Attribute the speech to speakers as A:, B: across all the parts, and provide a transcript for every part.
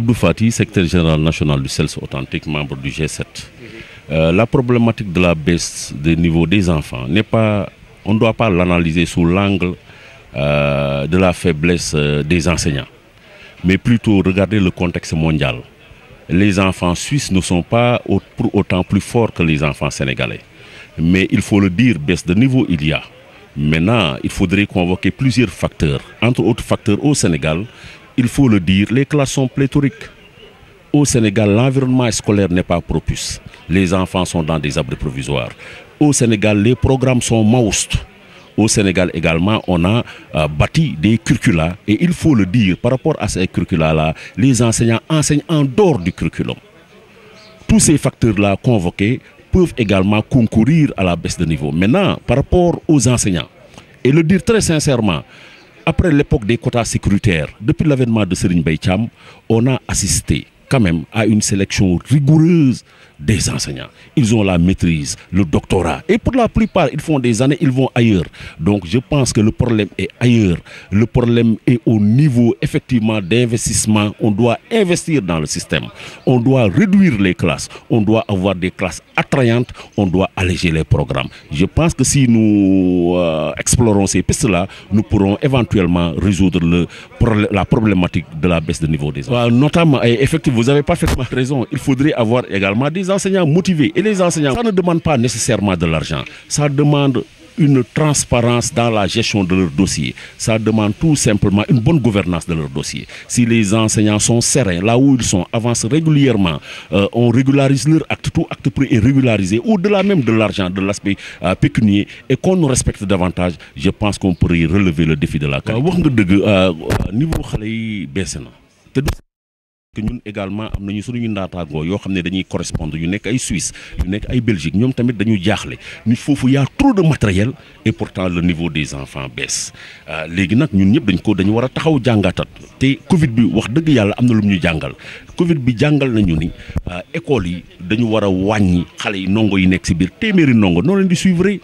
A: Abdou Fati, secrétaire général national du CELS authentique, membre du G7. Euh, la problématique de la baisse des niveaux des enfants n'est pas, on ne doit pas l'analyser sous l'angle euh, de la faiblesse euh, des enseignants, mais plutôt regarder le contexte mondial. Les enfants suisses ne sont pas autant plus forts que les enfants sénégalais. Mais il faut le dire, baisse de niveau il y a. Maintenant, il faudrait convoquer plusieurs facteurs, entre autres facteurs au Sénégal, il faut le dire, les classes sont pléthoriques. Au Sénégal, l'environnement scolaire n'est pas propice. Les enfants sont dans des abris provisoires. Au Sénégal, les programmes sont maoustes. Au Sénégal également, on a euh, bâti des curricula. Et il faut le dire, par rapport à ces curricula-là, les enseignants enseignent en dehors du curriculum. Tous ces facteurs-là convoqués peuvent également concourir à la baisse de niveau. Maintenant, par rapport aux enseignants, et le dire très sincèrement, après l'époque des quotas sécuritaires, depuis l'avènement de Serigne Beycham, on a assisté quand même à une sélection rigoureuse des enseignants. Ils ont la maîtrise, le doctorat. Et pour la plupart, ils font des années, ils vont ailleurs. Donc je pense que le problème est ailleurs. Le problème est au niveau effectivement d'investissement. On doit investir dans le système. On doit réduire les classes. On doit avoir des classes attrayantes. On doit alléger les programmes. Je pense que si nous euh, explorons ces pistes-là, nous pourrons éventuellement résoudre la problématique de la baisse de niveau des enseignants. Notamment, effectivement, vous n'avez pas parfaitement raison. Il faudrait avoir également des enseignants motivés. Et les enseignants, ça ne demande pas nécessairement de l'argent. Ça demande une transparence dans la gestion de leur dossier. Ça demande tout simplement une bonne gouvernance de leur dossier. Si les enseignants sont sereins, là où ils sont, avancent régulièrement, euh, on régularise leur acte, tout acte pris est régularisé, au-delà même de l'argent, de l'aspect euh, pécunier, et qu'on nous respecte davantage, je pense qu'on pourrait relever le défi de la carrière que ñun également am nañu suñu ndaataangoo yoo xam ne dañuy correspondre yu nekk ay Suisse yu nekk ay Belgique ñoom tamit dañu jaaxle ni foofu y a trop de matériel et pourtant le niveau des enfants baisse euh, léegi nag ñun ñëpp dañ ko dañu war a taxaw jàngaatat te Covid bi wax dëgg yalla amna na lu ñu jàngal Covid bi jàngal nañu ni euh, école yi dañu wara a xalé yi nongo yi nekk ci biir téméri nongo noo leen di suivre.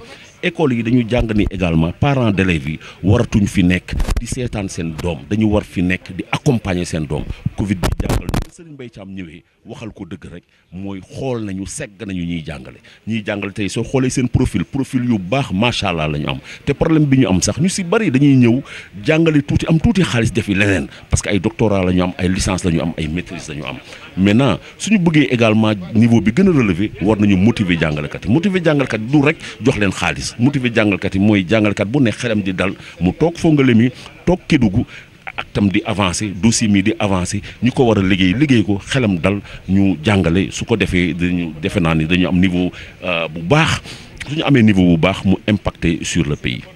A: école yi dañu jàng ni également parents d'élèves yi waratuñ fi nekk di seetaan seen doom dañu war fi nekk di accompagner seen doom Covid bi jàngal Serigne Mbaye Thiam ñëwee waxal ko dëgg rek mooy xool nañu segg nañu ñuy jàngale ñuy jàngale tey soo xoolee seen profil profil yu baax macha allah la ñu am te problème bi ñu am sax ñu si bari dañuy ñëw jàngale tuuti am tuuti xaalis def defi leneen parce que ay doctorat la ñu am ay licence la am ay maîtrise lañu ñu am maintenant suñu bëggee également niveau bi gën a war nañu motiver jàngalekat yi motiver jàngalekat yi du rek jox leen xaalis motiver jàngalekat yi mooy jàngalekat bu ne xelam di dal mu toog Fongolemi toog Kédougou actam di avancé dossier mi di avancer ñu ko war a liggéey liggéey ko xelam dal ñu jàngale su ko defee dañu defe naa ni dañu am niveau euh, bu baax su ñu amee niveau bu baax mu impacté sur le pays